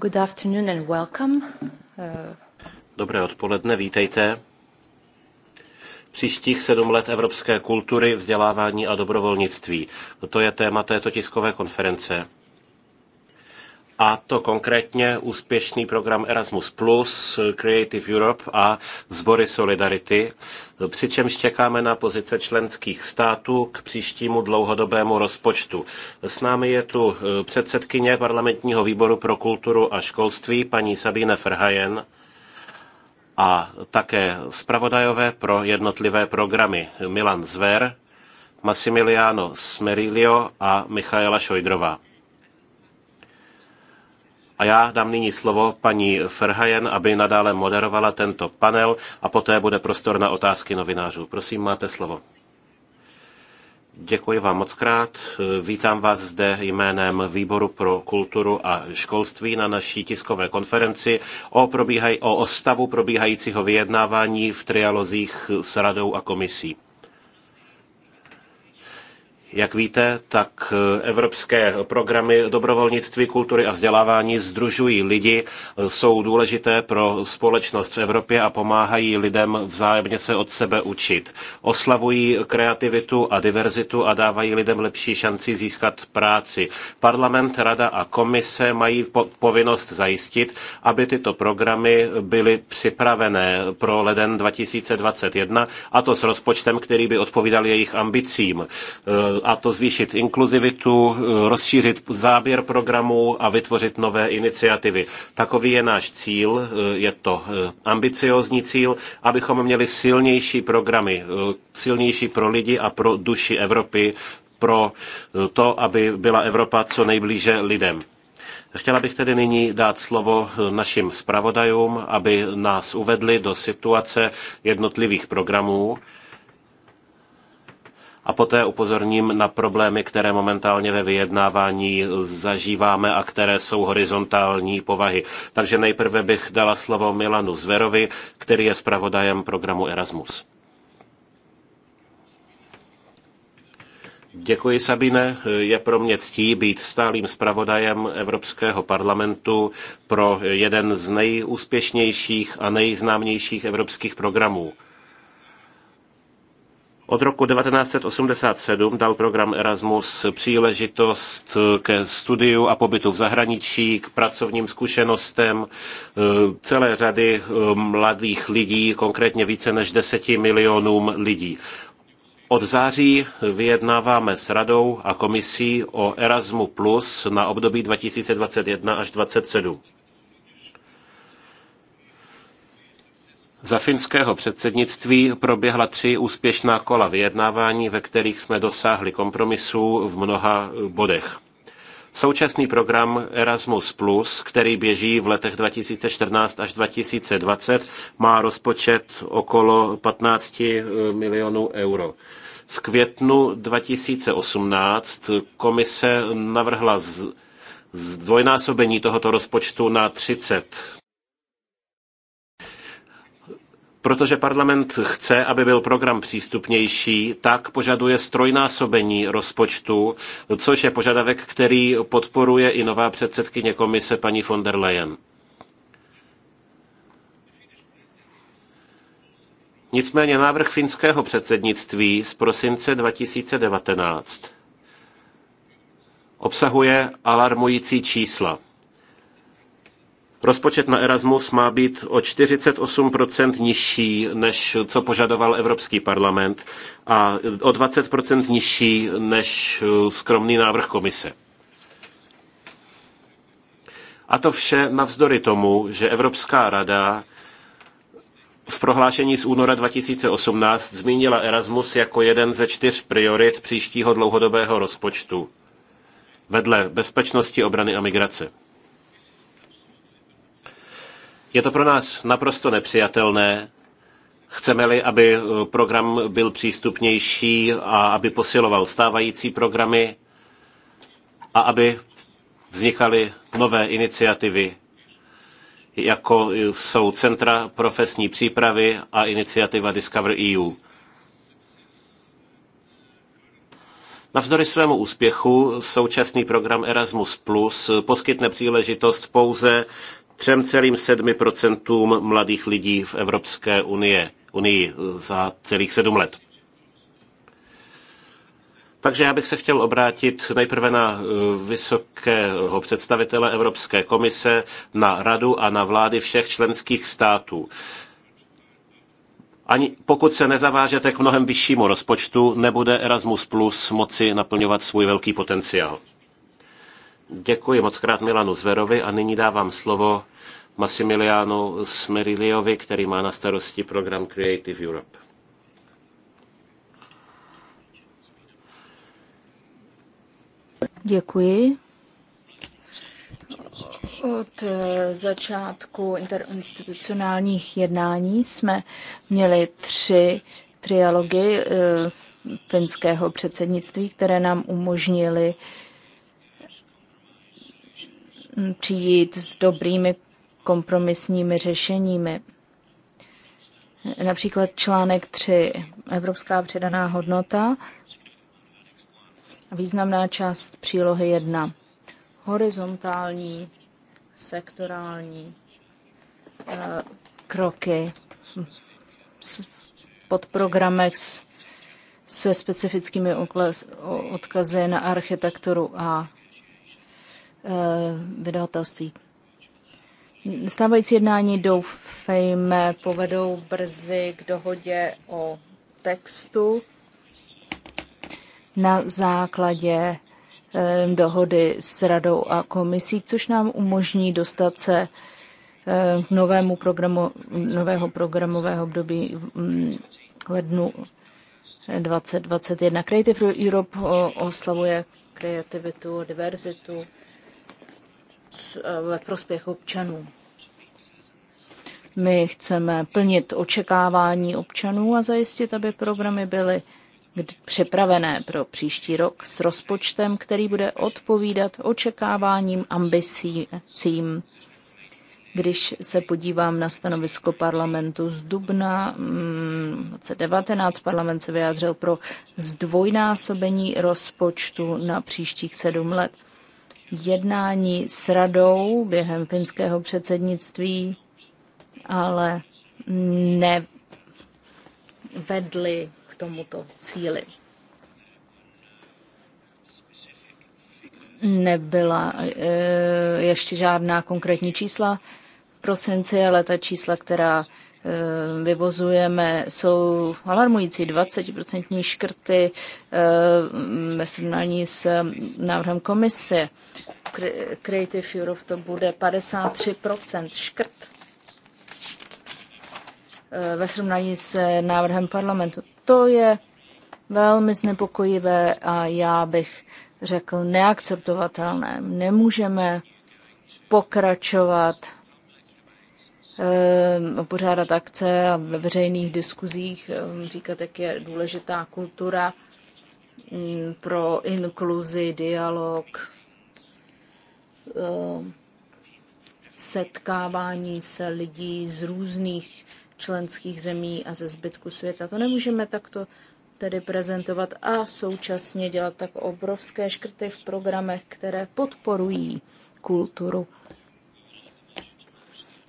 Good afternoon and welcome. Dobré odpoledne, vítejte. Příštích sedm let evropské kultury, vzdělávání a dobrovolnictví. To je téma této tiskové konference a to konkrétně úspěšný program Erasmus+, Creative Europe a Zbory Solidarity, přičemž čekáme na pozice členských států k příštímu dlouhodobému rozpočtu. S námi je tu eh, předsedkyně parlamentního výboru pro kulturu a školství, paní Sabine Ferhajen a také zpravodajové pro jednotlivé programy Milan Zver, Massimiliano Smerilio a Michaela Šojdrová. A já dám nyní slovo paní Ferhajen, aby nadále moderovala tento panel a poté bude prostor na otázky novinářů. Prosím, máte slovo. Děkuji vám moc krát. Vítám vás zde jménem Výboru pro kulturu a školství na naší tiskové konferenci o, probíhaj, o stavu probíhajícího vyjednávání v trialozích s radou a komisí. Jak víte, tak eh, evropské programy dobrovolnictví, kultury a vzdělávání združují lidi, eh, jsou důležité pro společnost v Evropě a pomáhají lidem vzájemně se od sebe učit. Oslavují kreativitu a diverzitu a dávají lidem lepší šanci získat práci. Parlament, rada a komise mají povinnost zajistit, aby tyto programy byly připravené pro leden 2021 a to s rozpočtem, který by odpovídal jejich ambicím eh, a to zvýšit inkluzivitu, rozšířit záběr programů a vytvořit nové iniciativy. Takový je náš cíl, je to eh, ambiciozní cíl, abychom měli silnější programy, eh, silnější pro lidi a pro duši Evropy, pro eh, to, aby byla Evropa co nejblíže lidem. Chtěla bych tedy nyní dát slovo našim zpravodajům, aby nás uvedli do situace jednotlivých programů a poté upozorním na problémy, které momentálně ve vyjednávání zažíváme a které jsou horizontální povahy. Takže nejprve bych dala slovo Milanu Zverovi, který je zpravodajem programu Erasmus. Děkuji, Sabine. Je pro mě ctí být stálým zpravodajem Evropského parlamentu pro jeden z nejúspěšnějších a nejznámějších evropských programů. Od roku 1987 dal program Erasmus příležitost ke studiu a pobytu v zahraničí, k pracovním zkušenostem e, celé řady e, mladých lidí, konkrétně více než 10 milionům lidí. Od září vyjednáváme s radou a komisí o Erasmu Plus na období 2021 až 2027. Za finského předsednictví proběhla tři úspěšná kola vyjednávání, ve kterých jsme dosáhli kompromisů v mnoha bodech. Současný program Erasmus+, který běží v letech 2014 až 2020, má rozpočet okolo 15 eh, milionů euro. V květnu 2018 komise navrhla zdvojnásobení tohoto rozpočtu na 30 Protože parlament chce, aby byl program přístupnější, tak požaduje strojnásobení rozpočtu, což je požadavek, který podporuje i nová předsedkyně komise paní von der Leyen. Nicméně návrh finského předsednictví z prosince 2019 obsahuje alarmující čísla. Rozpočet na Erasmus má být o 48% nižší, než co požadoval Evropský parlament a o 20% nižší než eh, skromný návrh komise. A to vše navzdory tomu, že Evropská rada v prohlášení z února 2018 zmínila Erasmus jako jeden ze čtyř priorit příštího dlouhodobého rozpočtu vedle bezpečnosti, obrany a migrace. Je to pro nás naprosto nepřijatelné. Chceme-li, aby eh, program byl přístupnější a aby posiloval stávající programy a aby vznikaly nové iniciativy, jako jsou Centra profesní přípravy a iniciativa Discover EU. Navzdory svému úspěchu současný program Erasmus Plus poskytne příležitost pouze 3,7% mladých lidí v Evropské unie, unii za celých sedm let. Takže já bych se chtěl obrátit nejprve na eh, vysokého představitele Evropské komise, na radu a na vlády všech členských států. Ani pokud se nezavážete k mnohem vyššímu rozpočtu, nebude Erasmus Plus moci naplňovat svůj velký potenciál. Děkuji moc krát Milanu Zverovi a nyní dávám slovo Massimiliano Smeriliovi, který má na starosti program Creative Europe. Děkuji. Od eh, začátku interinstitucionálních jednání jsme měli tři trialogy eh, finského předsednictví, které nám umožnili přijít s dobrými kompromisními řešeními. Například článek 3, Evropská předaná hodnota, významná část přílohy 1, horizontální, sektorální eh, kroky pod programech s, se specifickými odkazy na architekturu a Eh, vydavatelství. Stávající jednání doufejme povedou brzy k dohodě o textu na základě eh, dohody s radou a komisí, což nám umožní dostat se eh, k novému programu, nového programového období k mm, lednu 2021. Creative Europe oslavuje kreativitu, diverzitu, Eh, ve prospěch občanů. My chceme plnit očekávání občanů a zajistit, aby programy byly připravené pro příští rok s rozpočtem, který bude odpovídat očekáváním, ambicím. Když se podívám na stanovisko parlamentu z dubna 2019, mm, parlament se vyjádřil pro zdvojnásobení rozpočtu na příštích sedm let jednání s radou během finského předsednictví, ale nevedly k tomuto cíli. Nebyla e, ještě žádná konkrétní čísla prosinci, ale ta čísla, která Ehm, vyvozujeme, jsou alarmující 20% škrty ehm, ve srovnání s ehm, návrhem komise. Creative Europe to bude 53% škrt ve srovnání s eh, návrhem parlamentu. To je velmi znepokojivé a já bych řekl neakceptovatelné. Nemůžeme pokračovat Ehm, pořádat akce a ve veřejných diskuzích ehm, říkat, jak je důležitá kultura mm, pro inkluzi, dialog, ehm, setkávání se lidí z různých členských zemí a ze zbytku světa. To nemůžeme takto tedy prezentovat a současně dělat tak obrovské škrty v programech, které podporují kulturu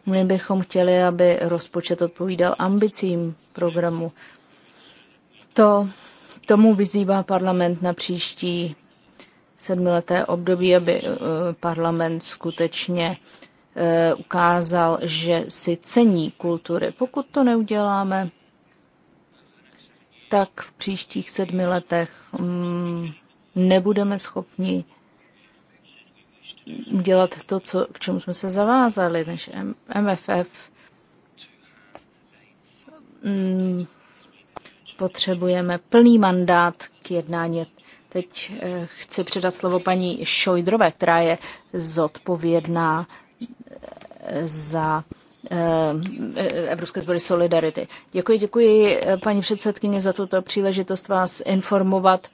my bychom chtěli, aby rozpočet odpovídal ambicím programu. To, tomu vyzývá parlament na příští sedmileté období, aby eh, parlament skutečně eh, ukázal, že si cení kultury. Pokud to neuděláme, tak v příštích sedmi letech mm, nebudeme schopni udělat to, co, k čemu jsme se zavázali, než MFF. Mm, potřebujeme plný mandát k jednání. Teď eh, chci předat slovo paní Šojdrové, která je zodpovědná eh, za eh, Evropské sbory Solidarity. Děkuji, děkuji paní předsedkyně za tuto příležitost vás informovat.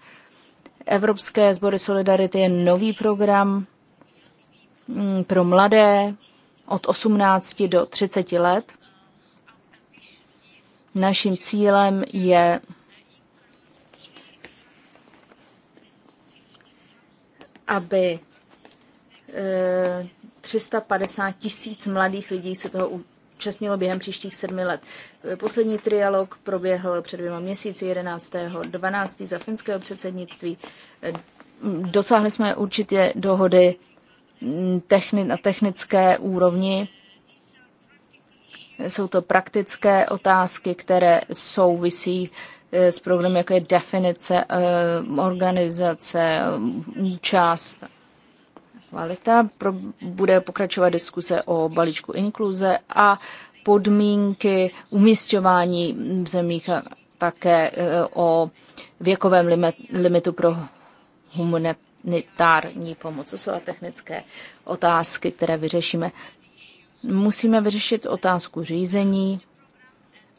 Evropské sbory Solidarity je nový program, Mm, pro mladé od 18 do 30 let. Naším cílem je aby 350 eh, tisíc mladých lidí se toho účastnilo během příštích sedmi let. Poslední trialog proběhl před dvěma měsíci, 11. 12. za finského předsednictví. Eh, dosáhli jsme určitě dohody Mm, techni- na technické úrovni. Jsou to praktické otázky, které souvisí eh, s programem, jako je definice, eh, organizace, eh, účast, kvalita. Bude pokračovat diskuse o balíčku inkluze a podmínky umístěvání v zemích a také o věkovém limitu pro humanit humanitární pomoc. To jsou a technické otázky, které vyřešíme. Musíme vyřešit otázku řízení,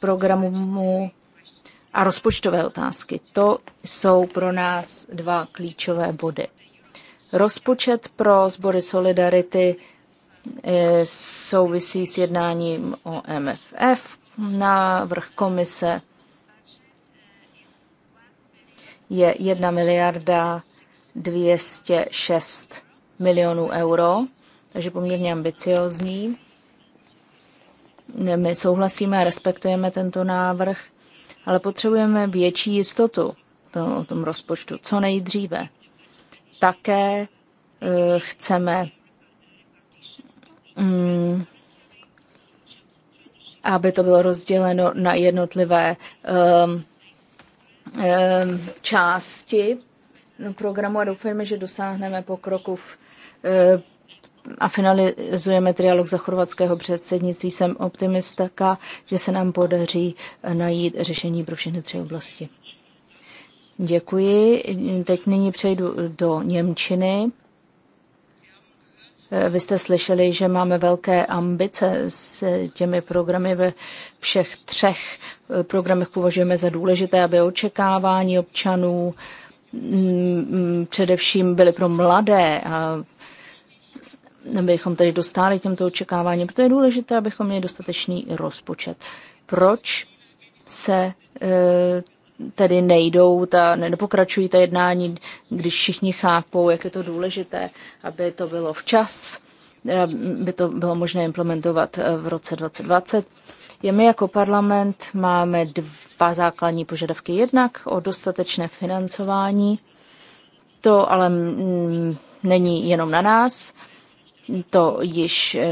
programu a rozpočtové otázky. To jsou pro nás dva klíčové body. Rozpočet pro sbory Solidarity eh, souvisí s jednáním o MFF. Návrh komise je 1 miliarda 206 milionů euro, takže poměrně ambiciozní. My souhlasíme a respektujeme tento návrh, ale potřebujeme větší jistotu to, o tom rozpočtu, co nejdříve. Také eh, chceme, mm, aby to bylo rozděleno na jednotlivé ehm, ehm, části No, programu a doufejme, že dosáhneme pokroku v, eh, a finalizujeme trialog za chorvatského předsednictví. Jsem optimistka, že se nám podaří najít řešení pro všechny tři oblasti. Děkuji. Teď nyní přejdu do Němčiny. Eh, vy jste slyšeli, že máme velké ambice s těmi programy ve všech třech eh, programech považujeme za důležité, aby očekávání občanů, Mm, mm, především byly pro mladé abychom tedy dostali těmto očekáváním, protože je důležité, abychom měli dostatečný rozpočet. Proč se e, tedy nejdou, ta, nepokračují ta jednání, když všichni chápou, jak je to důležité, aby to bylo včas, e, by to bylo možné implementovat e, v roce 2020 je my jako parlament máme dva základní požadavky. Jednak o dostatečné financování, to ale není jenom na nás, to již eh,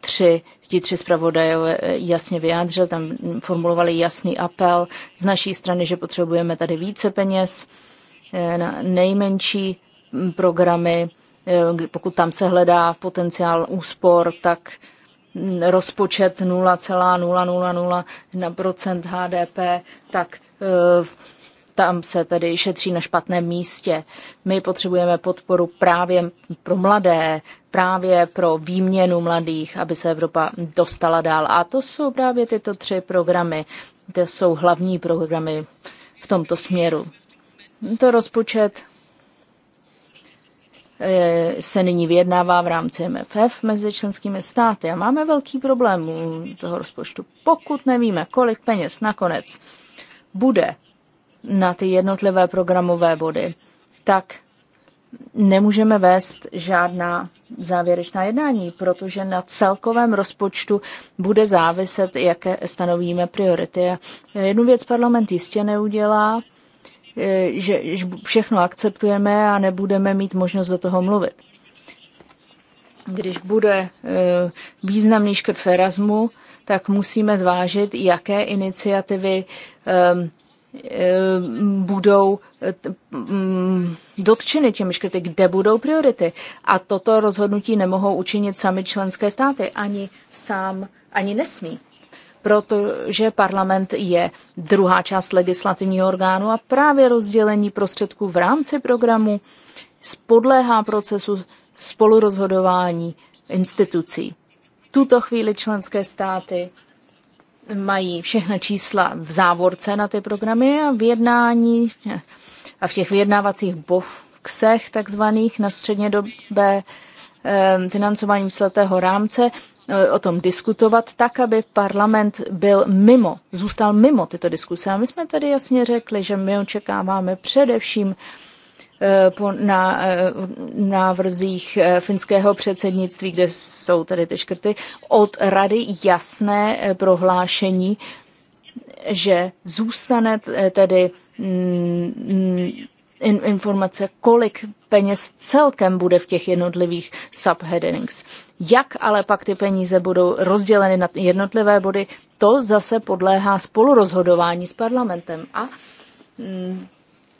tři, ti tři zpravodajové jasně vyjádřil, tam formulovali jasný apel z naší strany, že potřebujeme tady více peněz eh, na nejmenší programy, eh, pokud tam se hledá potenciál úspor, tak rozpočet 0,000% HDP, tak eh, tam se tedy šetří na špatném místě. My potřebujeme podporu právě pro mladé, právě pro výměnu mladých, aby se Evropa dostala dál. A to jsou právě tyto tři programy. To jsou hlavní programy v tomto směru. To rozpočet Eh, se nyní vyjednává v rámci MFF mezi členskými státy a máme velký problém u toho rozpočtu. Pokud nevíme, kolik peněz nakonec bude na ty jednotlivé programové body, tak nemůžeme vést žádná závěrečná jednání, protože na celkovém rozpočtu bude záviset, jaké stanovíme priority. jednu věc parlament jistě neudělá, E, že všechno akceptujeme a nebudeme mít možnost do toho mluvit. Když bude e, významný škrt v Erasmu, tak musíme zvážit, jaké iniciativy e, budou dotčeny těmi škrty, kde budou priority. A toto rozhodnutí nemohou učinit sami členské státy, ani sám, ani nesmí protože parlament je druhá část legislativního orgánu a právě rozdělení prostředků v rámci programu spodléhá procesu spolurozhodování institucí. Tuto chvíli členské státy mají všechna čísla v závorce na ty programy a v jednání a v těch vyjednávacích boxech takzvaných na střednědobé eh, financování sletého rámce Eh, o tom diskutovat tak, aby parlament byl mimo, zůstal mimo tyto diskuse. A my jsme tady jasně řekli, že my očekáváme především eh, po, na eh, návrzích finského předsednictví, kde jsou tady ty škrty, od rady jasné prohlášení, že zůstane tedy mm, mm, in, informace, kolik peněz celkem bude v těch jednotlivých subheadings. Jak ale pak ty peníze budou rozděleny na jednotlivé body, to zase podléhá spolurozhodování s parlamentem a mm,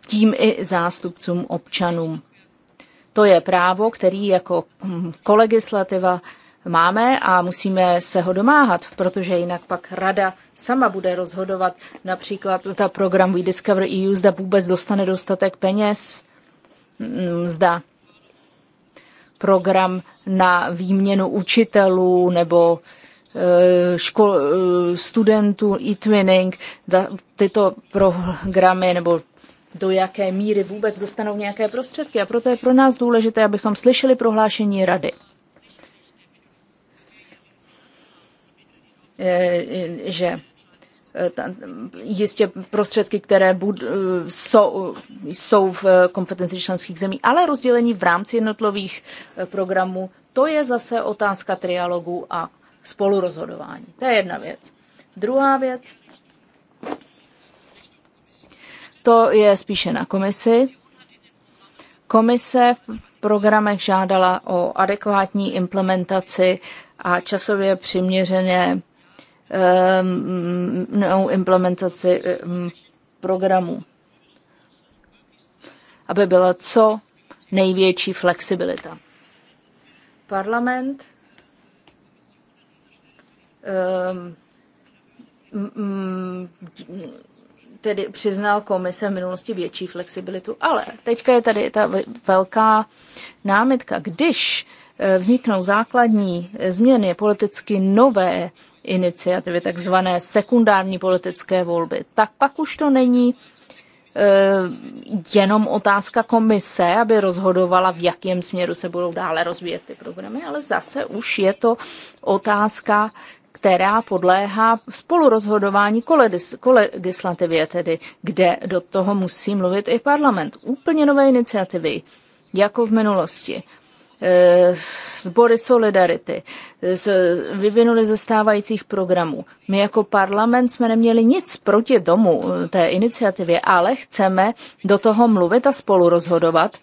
tím i zástupcům občanům. To je právo, který jako mm, kolegislativa máme a musíme se ho domáhat, protože jinak pak rada sama bude rozhodovat například zda program We Discover EU, zda vůbec dostane dostatek peněz, mm, zda program na výměnu učitelů nebo eh, škol, eh, studentů, e-twinning, tyto programy nebo do jaké míry vůbec dostanou nějaké prostředky. A proto je pro nás důležité, abychom slyšeli prohlášení rady. Eh, že eh, jistě prostředky, které bud, eh, jsou, jsou v kompetenci členských zemí, ale rozdělení v rámci jednotlivých programů, to je zase otázka trialogu a spolurozhodování. To je jedna věc. Druhá věc, to je spíše na komisi. Komise v programech žádala o adekvátní implementaci a časově přiměřené um, implementaci um, ehm, programů, aby byla co největší flexibilita. Parlament um, tedy přiznal komise v minulosti větší flexibilitu, ale teďka je tady ta velká námitka. Když eh, vzniknou základní eh, změny politicky nové iniciativy, takzvané sekundární politické volby, tak pak už to není e, jenom otázka komise, aby rozhodovala, v jakém směru se budou dále rozvíjet ty programy, ale zase už je to otázka, která podléhá spolurozhodování kolegislativě, tedy kde do toho musí mluvit i parlament. Úplně nové iniciativy, jako v minulosti. Eh, sbory Solidarity eh, vyvinuli ze stávajících programů. My jako parlament jsme neměli nic proti tomu, eh, té iniciativě, ale chceme do toho mluvit a spolu rozhodovat,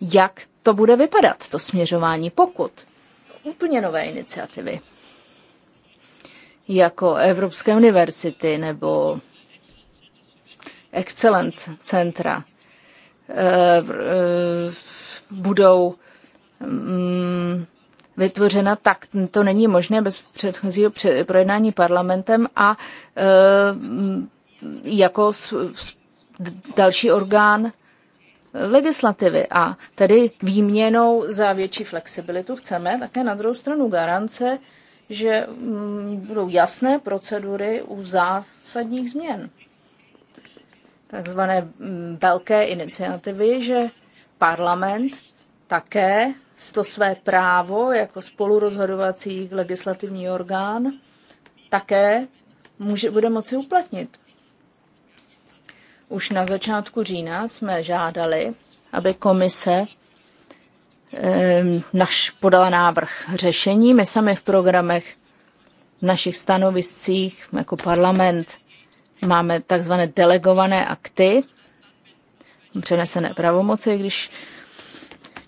jak to bude vypadat, to směřování, pokud. Úplně nové iniciativy. Jako Evropské univerzity nebo Excellence centra budou Mm, vytvořena, tak to není možné bez předchozího projednání parlamentem a e, mm, jako další orgán legislativy a tedy výměnou za větší flexibilitu chceme také na druhou stranu garance, že mm, budou jasné procedury u zásadních změn. Takzvané velké iniciativy, že parlament také to své právo jako spolurozhodovací legislativní orgán také může, bude moci uplatnit. Už na začátku října jsme žádali, aby komise eh, naš podala návrh řešení. My sami v programech, v našich stanoviscích jako parlament máme takzvané delegované akty, přenesené pravomoci, když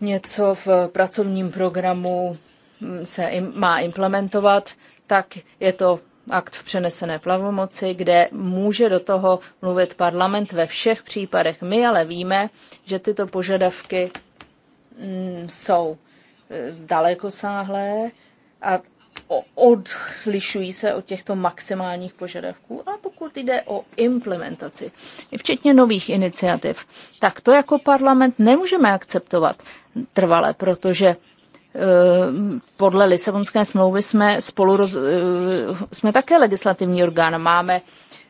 něco v pracovním programu mm, se im, má implementovat, tak je to akt v přenesené plavomoci, kde může do toho mluvit parlament ve všech případech. My ale víme, že tyto požadavky mm, jsou e, dalekosáhlé a odlišují se od těchto maximálních požadavků, ale pokud jde o implementaci, včetně nových iniciativ, tak to jako parlament nemůžeme akceptovat trvale, protože eh, podle Lisabonské smlouvy jsme spolu roz, eh, jsme také legislativní orgán, máme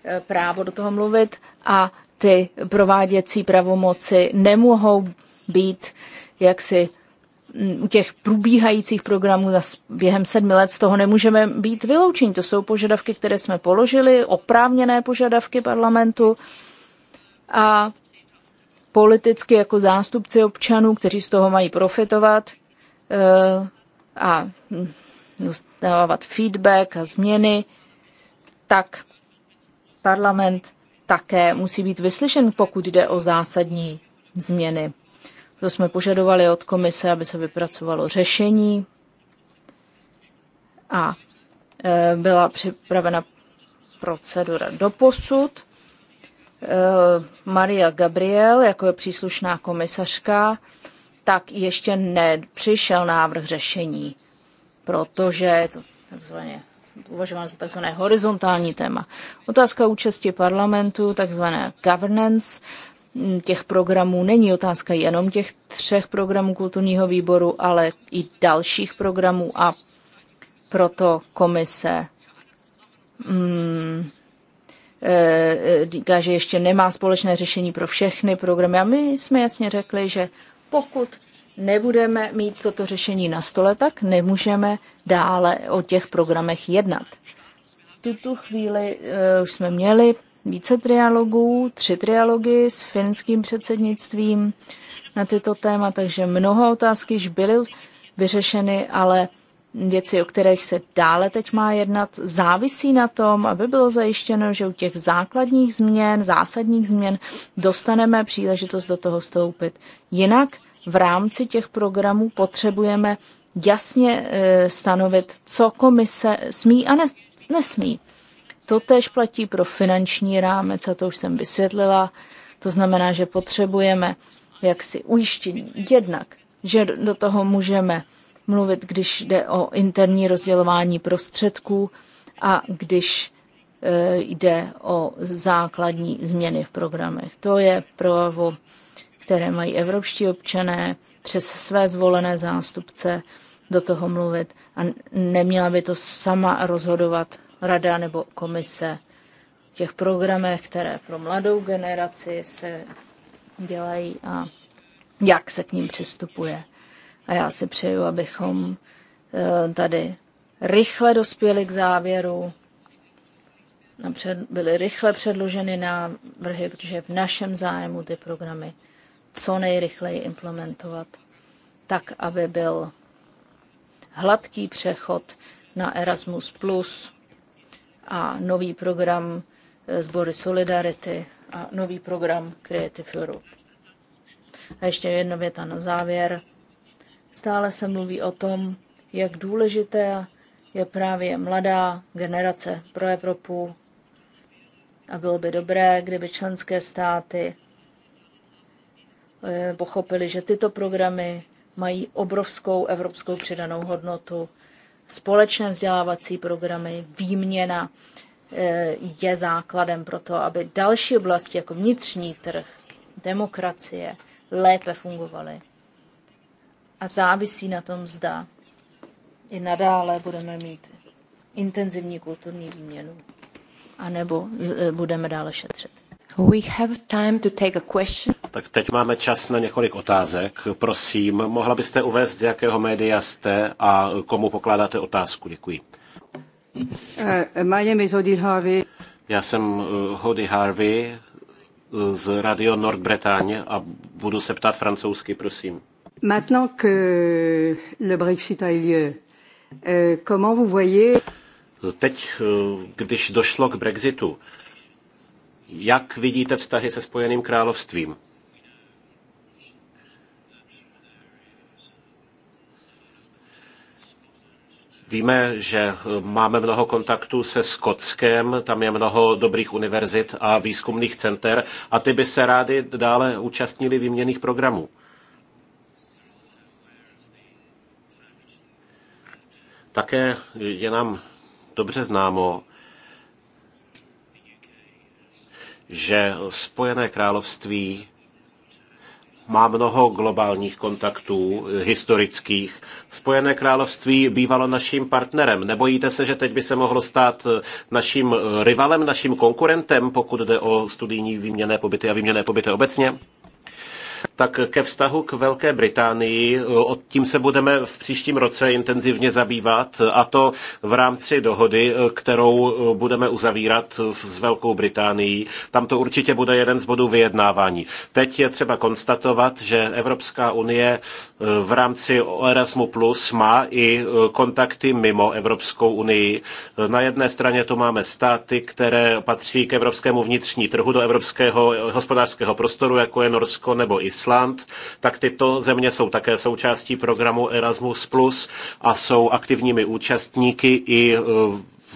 eh, právo do toho mluvit a ty prováděcí pravomoci nemohou být jaksi mm, u těch průbíhajících programů za, během sedmi let z toho nemůžeme být vyloučení. To jsou požadavky, které jsme položili, oprávněné požadavky parlamentu a politicky jako zástupci občanů, kteří z toho mají profitovat eh, a dávat feedback a změny, tak parlament také musí být vyslyšen, pokud jde o zásadní změny. To jsme požadovali od komise, aby se vypracovalo řešení a eh, byla připravena procedura doposud. posud. Eh, Maria Gabriel, jako je příslušná komisařka, tak ještě nepřišel návrh řešení, protože je to takzvaně považován za takzvané horizontální téma. Otázka účasti parlamentu, takzvané governance, hm, těch programů není otázka jenom těch třech programů kulturního výboru, ale i dalších programů a proto komise mm, Eh, eh, říká, že ještě nemá společné řešení pro všechny programy. A my jsme jasně řekli, že pokud nebudeme mít toto řešení na stole, tak nemůžeme dále o těch programech jednat. Tuto chvíli uh, už jsme měli více trialogů, tři trialogy s finským předsednictvím na tyto téma, takže mnoho otázky již byly vyřešeny, ale věci, o kterých se dále teď má jednat, závisí na tom, aby bylo zajištěno, že u těch základních změn, zásadních změn dostaneme příležitost do toho vstoupit. Jinak v rámci těch programů potřebujeme jasně e, stanovit, co komise smí a nesmí. To tež platí pro finanční rámec, a to už jsem vysvětlila. To znamená, že potřebujeme jaksi ujištění. Jednak, že do toho můžeme mluvit, když jde o interní rozdělování prostředků a když e, jde o základní změny v programech. To je projevo, které mají evropští občané přes své zvolené zástupce do toho mluvit a neměla by to sama rozhodovat rada nebo komise v těch programech, které pro mladou generaci se dělají a jak se k ním přistupuje. A já si přeju, abychom eh, tady rychle dospěli k závěru, napřed, byly rychle předloženy návrhy, protože v našem zájmu ty programy co nejrychleji implementovat, tak, aby byl hladký přechod na Erasmus Plus a nový program eh, Sbory Solidarity a nový program Creative Europe. A ještě jedna věta na závěr. Stále se mluví o tom, jak důležité je právě mladá generace pro Evropu. A bylo by dobré, kdyby členské státy eh, pochopili, že tyto programy mají obrovskou evropskou přidanou hodnotu. Společné vzdělávací programy, výměna eh, je základem pro to, aby další oblasti jako vnitřní trh, demokracie lépe fungovaly a závisí na tom, zda i nadále budeme mít intenzivní kulturní výměnu, anebo e, budeme dále šetřit. We have time to take a question. Tak teď máme čas na několik otázek. Prosím, mohla byste uvést, z jakého média jste a komu pokládáte otázku? Děkuji. Uh, my name is Hody Harvey. Já jsem eh, Hody Harvey eh, z Radio Nord Bretagne a budu se ptát francouzsky, prosím. Maintenant que le Brexit a eu lieu, euh, comment vous voyez no, Teď, eh, když došlo k Brexitu, jak vidíte vztahy se Spojeným královstvím? Víme, že eh, máme mnoho kontaktů se Skotskem, tam je mnoho dobrých univerzit a výzkumných center a ty by se rádi dále účastnili výměných programů. Také je nám dobře známo, že Spojené království má mnoho globálních kontaktů eh, historických. Spojené království bývalo naším partnerem. Nebojíte se, že teď by se mohlo stát eh, naším eh, rivalem, naším konkurentem, pokud jde o studijní výměné pobyty a výměné pobyty obecně? tak ke vztahu k Velké Británii, eh, od tím se budeme v příštím roce intenzivně zabývat a to v rámci dohody, eh, kterou eh, budeme uzavírat s Velkou Británií. Tam to určitě bude jeden z bodů vyjednávání. Teď je třeba konstatovat, že Evropská unie v rámci Erasmu Plus má i kontakty mimo Evropskou unii. Na jedné straně tu máme státy, které patří k evropskému vnitřní trhu, do evropského hospodářského prostoru, jako je Norsko nebo Island Island, tak tyto země jsou také součástí programu Erasmus+, a jsou aktivními účastníky i e,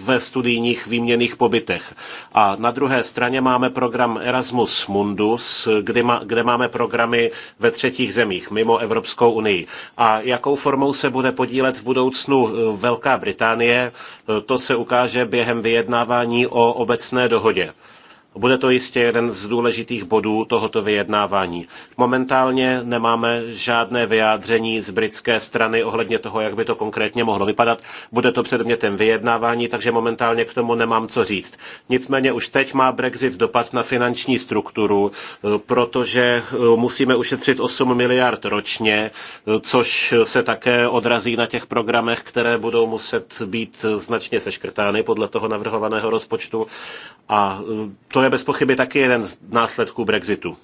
ve studijních výměných pobytech. A na druhé straně máme program Erasmus Mundus, kde, kde máme programy ve třetích zemích mimo Evropskou unii. A jakou formou se bude podílet v budoucnu e, Velká Británie, e, to se ukáže během vyjednávání o obecné dohodě. Bude to jistě jeden z důležitých bodů tohoto vyjednávání. Momentálně nemáme žádné vyjádření z britské strany ohledně toho, jak by to konkrétně mohlo vypadat. Bude to předmětem vyjednávání, takže momentálně k tomu nemám co říct. Nicméně už teď má Brexit dopad na finanční strukturu, protože eh, musíme ušetřit 8 miliard ročně, eh, což se také odrazí na těch programech, které budou muset být eh, značně seškrtány podle toho navrhovaného rozpočtu. A to je bez pochyby taky jeden z následků Brexitu.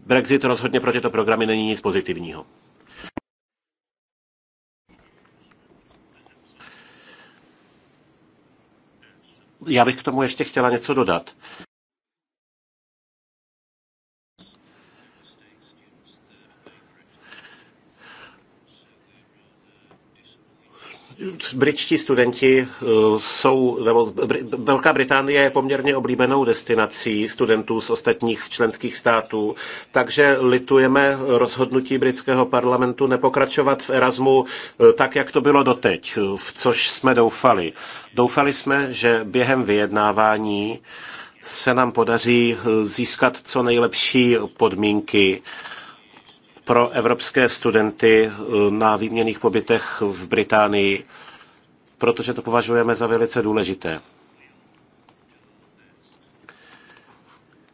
Brexit rozhodně pro tyto programy není nic pozitivního. Já bych k tomu ještě chtěla něco dodat. Britští studenti eh, jsou, nebo Velká Británie je poměrně oblíbenou destinací studentů z ostatních členských států, takže litujeme rozhodnutí britského parlamentu nepokračovat v Erasmu eh, tak, jak to bylo doteď, eh, v což jsme doufali. Doufali jsme, že během vyjednávání se nám podaří získat co nejlepší podmínky pro evropské studenty eh, na výměných pobytech v Británii, protože to považujeme za velice důležité.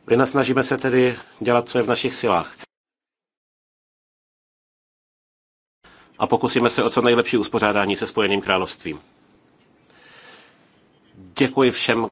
Vynasnažíme se tedy dělat, co je v našich silách. A pokusíme se o co nejlepší uspořádání se Spojeným královstvím. Děkuji všem,